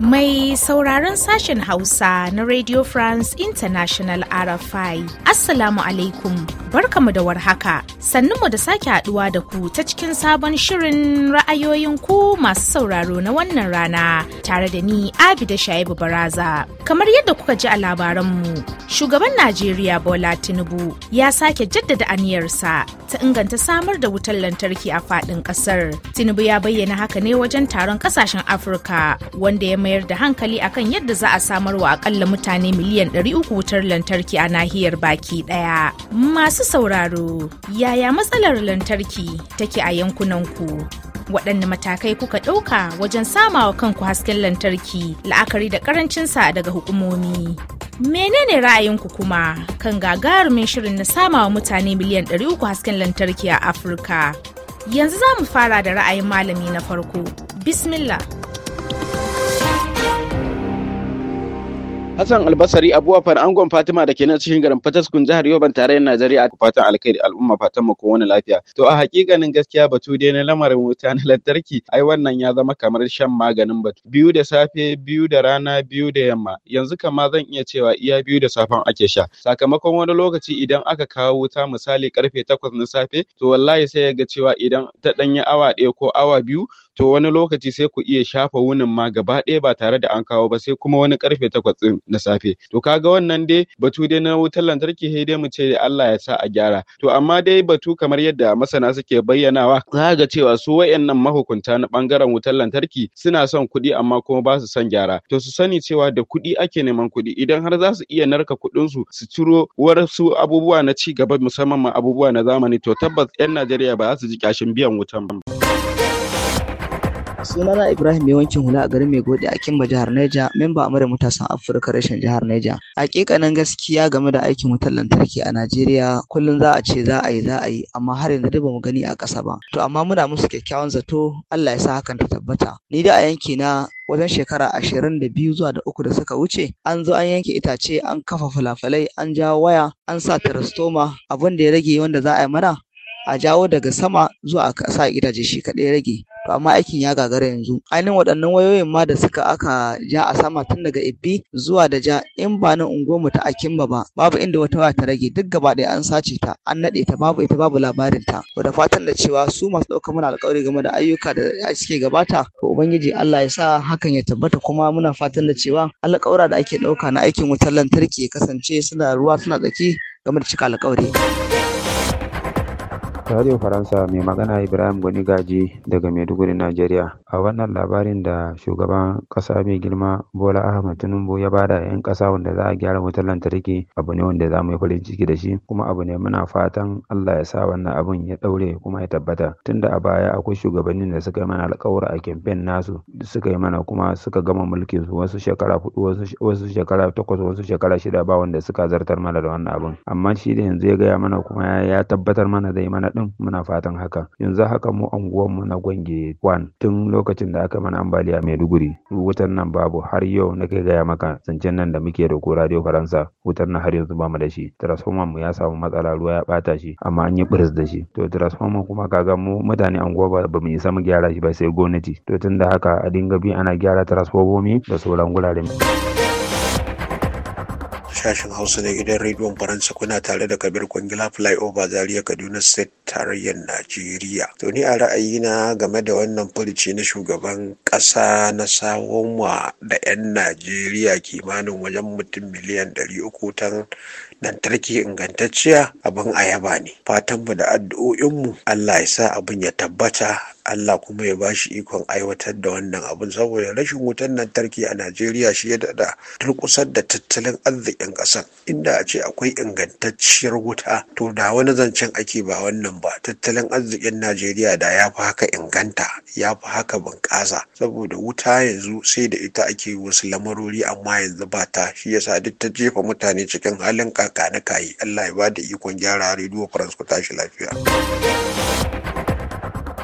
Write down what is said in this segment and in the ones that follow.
Mai sauraron sashen Hausa na Radio France International RFI, Assalamu alaikum, barkamu da warhaka, sannunmu da sake haduwa da ku ta cikin sabon shirin ra'ayoyin ku masu sauraro na wannan rana tare da ni Abida Shaibu Baraza. kamar yadda kuka ji a labaranmu shugaban najeriya bola tinubu ya sake jaddada aniyarsa ta inganta samar da wutar lantarki a fadin kasar tinubu ya bayyana haka ne wajen taron kasashen afirka wanda ya mayar da hankali akan yadda za a samar wa akalla mutane miliyan 300 wutar lantarki a nahiyar baki daya masu sauraro yaya matsalar lantarki take a yankunanku waɗanne matakai kuka ɗauka wajen samawa kanku hasken lantarki la'akari da ƙarancinsa daga hukumomi. Menene ra'ayinku kuma kan gagarumin shirin na samawa mutane miliyan uku hasken lantarki a Afirka? Yanzu za mu fara da ra'ayin malami na farko. Bismillah. Hassan Albasari fara angon Fatima da ke nan cikin garin Fataskun jihar Yoban tarayyar Najeriya a fatan alkhairi al'umma fatan mu wani lafiya. To a hakikanin gaskiya batu dai na lamarin wuta na lantarki ai wannan ya zama kamar shan maganin batu. Biyu da safe, biyu da rana, biyu da yamma. Yanzu kama zan iya cewa iya biyu da safen ake sha. Sakamakon wani lokaci idan aka kawo wuta misali karfe takwas na safe, to wallahi sai ya ga cewa idan ta ɗanyi awa ɗaya ko awa biyu to wani lokaci sai ku iya shafa wunin ma gaba ɗaya ba tare da an kawo ba sai kuma wani karfe takwas ɗin na safe to kaga wannan dai batu dai na wutar lantarki sai dai mu ce Allah ya sa a gyara to amma dai batu kamar yadda masana suke bayyanawa za ga cewa su wayannan mahukunta na bangaren wutar lantarki suna son kuɗi amma kuma ba su son gyara to su sani cewa da kuɗi ake neman kuɗi idan har za su iya narka kuɗin su su ciro wasu abubuwa na ci gaba musamman ma abubuwa na zamani to tabbas 'yan Najeriya ba za su ji kashin biyan wutan ba. sunana ibrahim mai wankin hula a garin mai gode a kimba jihar neja memba amurka matasan afirka rashin jihar neja hakikanin gaskiya game da aikin wutar lantarki a najeriya kullum za a ce za a yi za a yi amma har yanzu ba mu gani a ƙasa ba to amma muna musu kyakkyawan zato allah ya sa hakan ta tabbata ni da a yanki na wajen shekara ashirin da biyu zuwa da uku da suka wuce an zo an yanke itace an kafa falafalai an jawo waya an sa tarastoma abin da ya rage wanda za a yi mana a jawo daga sama zuwa a sa gidaje shi kaɗai ya rage to amma aikin ya gagara yanzu ainihin waɗannan wayoyin ma da suka aka ja a sama tun daga ibbi zuwa da ja in ba na unguwarmu ta akimba ba babu inda wata waya ta rage duk gaba ɗaya an sace ta an naɗe ta babu ita babu labarin ta da fatan da cewa su masu ɗaukar muna alƙawari game da ayyuka da suke gabata to ubangiji Allah ya sa hakan ya tabbata kuma muna fatan da cewa alƙawura da ake ɗauka na aikin wutar lantarki ya kasance suna ruwa suna tsaki game da cika alƙawari. Radio Faransa mai magana Ibrahim Gwani Gaji daga Maiduguri, Najeriya. A wannan labarin da shugaban ƙasa mai girma Bola Ahmed Tinubu ya bada yan ƙasa wanda za a gyara wutar lantarki abu ne wanda za mu yi farin ciki da shi kuma abu ne muna fatan Allah ya sa wannan abun ya ɗaure kuma ya tabbata. Tunda a baya akwai shugabannin da suka yi mana alƙawura a kamfen nasu suka yi mana kuma suka gama mulkin su wasu shekara hudu wasu shekara takwas wasu shekara shida ba wanda suka zartar mana da wannan abun. Amma shi da yanzu ya gaya mana kuma ya tabbatar mana zai mana din muna fatan haka yanzu haka mu unguwar mu na gwange wan tun lokacin da aka mana ambaliya mai maiduguri wutan nan babu har yau na kai gaya maka zancen nan da muke da ko radio faransa wutan nan har yanzu ba mu da shi transformer mu ya samu matsala ruwa ya bata shi amma an yi biris da shi to transformer kuma kaga mu mutane unguwa ba ba mu isa mu gyara shi ba sai gwamnati to tun da haka a dinga bi ana gyara transformomi da sauran gurare. sashen Hausa na gidan rediyon Faransa kuna tare da Kabir Kwangila Flyover Zaria Kaduna State tarayyar Najeriya. To ni a ra'ayina game da wannan furuci na shugaban ƙasa na sawon wa da 'yan Najeriya kimanin wajen mutum miliyan 300 tan lantarki ingantacciya abin ayaba ne. Fatanmu da addu'o'inmu Allah ya sa abin ya tabbata Allah kuma ya ba shi ikon aiwatar da wannan abin saboda rashin wutar lantarki a Najeriya shi ya dada turkusar da tattalin arzikin ƙasar inda a ce akwai ingantacciyar wuta to da wani zancen ake ba wannan ba tattalin arzikin Najeriya da ya fi haka inganta ya fi haka bunƙasa saboda wuta yanzu sai da ita ake wasu lamarori amma yanzu ba ta shi yasa duk ta jefa mutane cikin halin kaka na Allah ya ba da ikon gyara rediyo France ku tashi lafiya.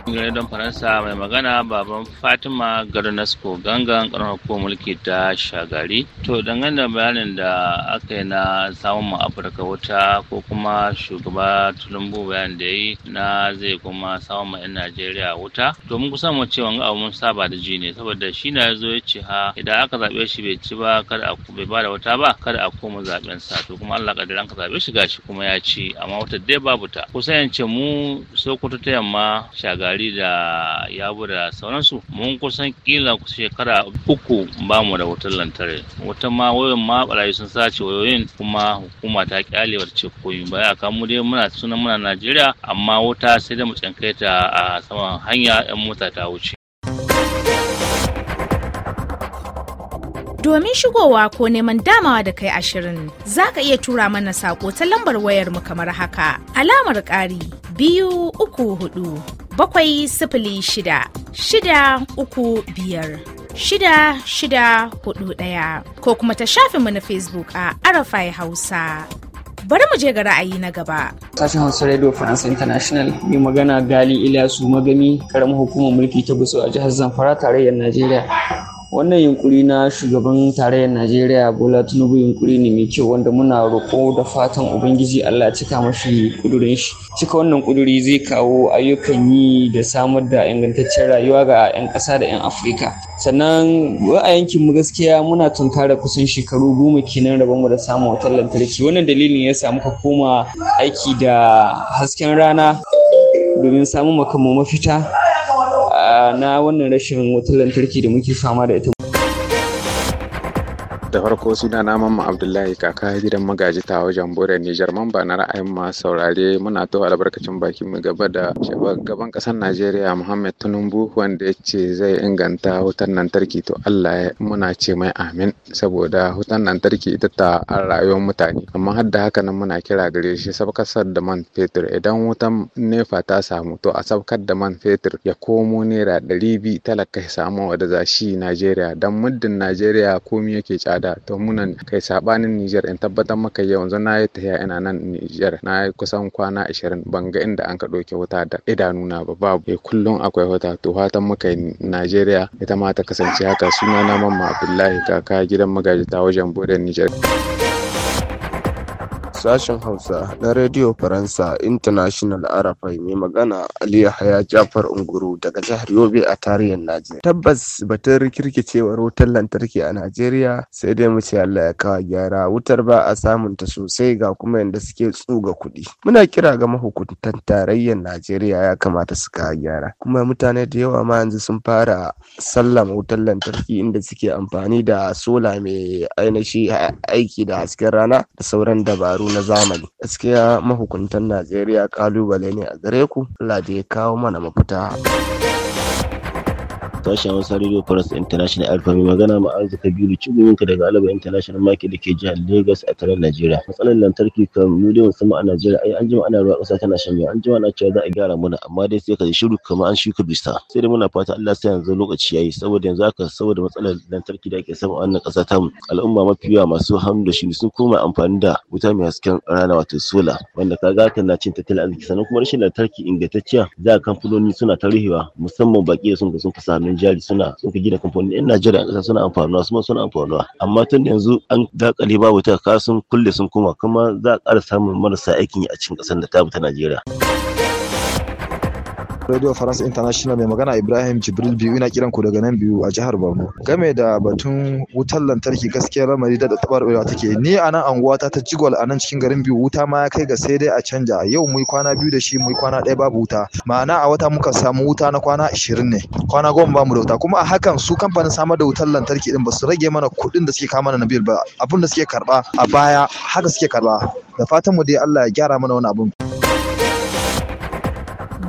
Gidan Faransa mai magana baban Fatima Garnasco gangan karamar ko mulki ta shagari. To dangane da bayanin da aka yi na samun mu Afirka wuta ko kuma shugaba Tulumbu bayan da yi na zai kuma samun mu 'yan Najeriya wuta. To mun kusa mu cewa ga abu mun saba da jini ne saboda shi na zo ya ce ha idan aka zaɓe shi bai ci ba kada a bai ba da wuta ba kada a koma zaɓen sa to kuma Allah kadiran ka zaɓe shi gashi kuma ya ci amma wutar dai babu ta. Kusa yance mu Sokoto ta yamma shagari tari da yabo da sauransu mun kusan kila shekara uku ba mu da wutar lantarki wata ma wayoyin ma barayi sun sace wayoyin kuma hukuma ta kyale wata ce koyi ba ya mu dai muna sunan muna najeriya amma wuta sai da mu tsankaita a saman hanya yan mota ta wuce Domin shigowa ko neman damawa da kai ashirin, za ka iya tura mana saƙo ta lambar wayar mu kamar haka, alamar ƙari biyu uku hudu bakwai sifili shida shida uku biyar shida shida hudu ɗaya ko kuma ta shafi na facebook a arafai hausa bari mu je ga ra'ayi na gaba. Sashen Hausa Radio France International mai magana Gali Ilyasu Magami karamar hukumar mulki ta Gusau a jihar Zamfara tarayyar Najeriya. wannan yunkuri na shugaban tarayyar najeriya bola tunubu yunkuri ne mai kyau wanda muna roƙo da fatan ubangiji allah cika mashi kudurin shi cika wannan kuduri zai kawo ayyukan yi da samar da ingantaccen rayuwa ga 'yan kasa da 'yan afirka sannan yankin mu gaskiya muna tunkara kusan shekaru goma kenan rabon mu da samun wutar lantarki wannan dalilin ya sa muka koma aiki da hasken rana domin samun makamu mafita na wannan rashin wutar lantarki da muke fama da ita farko suna na mu Abdullahi kaka gidan magaji ta wajen Bore Nijar mamba na ra'ayin masu saurare muna to albarkacin bakin mu gaba da shugaban kasar Najeriya Muhammad Tinubu wanda ya ce zai inganta wutar lantarki to Allah ya muna ce mai amin saboda wutar lantarki ita ta rayuwar mutane amma har da haka nan muna kira gare shi sabkasar da man fetur idan wutan nefa ta samu to a sabkar da man fetur ya komo naira ɗari biyu talaka ya samu wadda Najeriya Dan muddin Najeriya komi yake tsada to munan kai sabanin Niger in tabbatar maka yanzu na yi tafiya ina nan Niger na yi kusan kwana 20 ban ga inda an ka ɗauke wuta da idanu na ba babu eh kullun akwai wuta to fatan muka Najeriya ita ma ta kasance haka suna na mamma Abdullahi kaka gidan magaji ta wajen bodan Niger. sashen Hausa na Radio Faransa International Arafai mai magana Ali Yahaya Jafar Unguru daga jihar Yobe a tarihin Najeriya. Tabbas batun rikirkicewar wutar lantarki a Najeriya sai dai mu ce Allah ya kawo gyara wutar ba a samun ta sosai ga kuma yadda suke tsuga kuɗi. Muna kira ga mahukuntan tarayyar Najeriya ya kamata su kawo gyara. Kuma mutane da yawa ma yanzu sun fara sallama wutar lantarki inda suke amfani da sola mai ainihi aiki da hasken rana da sauran dabaru na zamani gaskiya mahukuntan najeriya kalubale ne a gare ku allah ya kawo mana mafita sashen Hausa Radio Press International Alfa mai magana ma'azu Kabiru Ciguminka daga Alaba International Market da ke jihar Lagos a taron Najeriya. Matsalar lantarki kan miliyan sama a Najeriya ai an jima ana ruwa ƙasa tana shan an jima ana cewa za a gyara muna amma dai sai ka shiru kamar an shuka bisa. Sai da muna fata Allah sai yanzu lokaci yayi saboda yanzu haka saboda matsalar lantarki da ake samu a wannan kasa ta mu al'umma mafi yawa masu hannu da shi sun koma amfani da wuta mai hasken rana wato sola wanda kaga hakan na cin tattalin arziki sannan kuma rashin lantarki ingantacciya za kamfanoni suna tarihiwa musamman baki da sun sun fasa hannun jari suna sun ka gina kamfani yan najeriya ƙasa suna amfanuwa ma suna amfanuwa amma tun yanzu an dakale babu ta kasan kulle sun kuma kuma za a ƙara samun marasa aikin yi a cikin ƙasar da ta ta najeriya. Radio France International mai magana Ibrahim Jibril biyu ina kiran ku daga nan biyu a jihar Borno. Game da batun wutar lantarki gaskiya lamari da tabarbewa take ni a nan unguwata ta Jigol a nan cikin garin biyu wuta ma ya kai ga sai dai a canja yau mu kwana biyu da shi mu kwana ɗaya babu wuta ma'ana a wata muka samu wuta na kwana 20 ne kwana goma ba mu da wuta kuma a hakan su kamfanin samar da wutar lantarki din ba su rage mana kuɗin da suke kama na bil ba abin da suke karba a baya haka suke karba da fatan mu dai Allah ya gyara mana wani abun.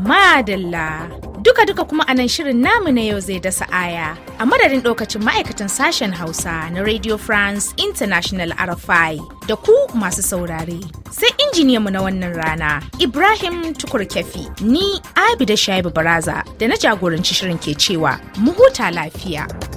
madalla duka-duka kuma a nan shirin namu na yau zai dasa aya a madadin ɗaukacin ma'aikatan sashen hausa na radio france international rfi da ku masu saurare sai injiniyanmu na wannan rana ibrahim tukurkefi ni abida shaibu baraza da na jagoranci shirin ke cewa mu huta lafiya.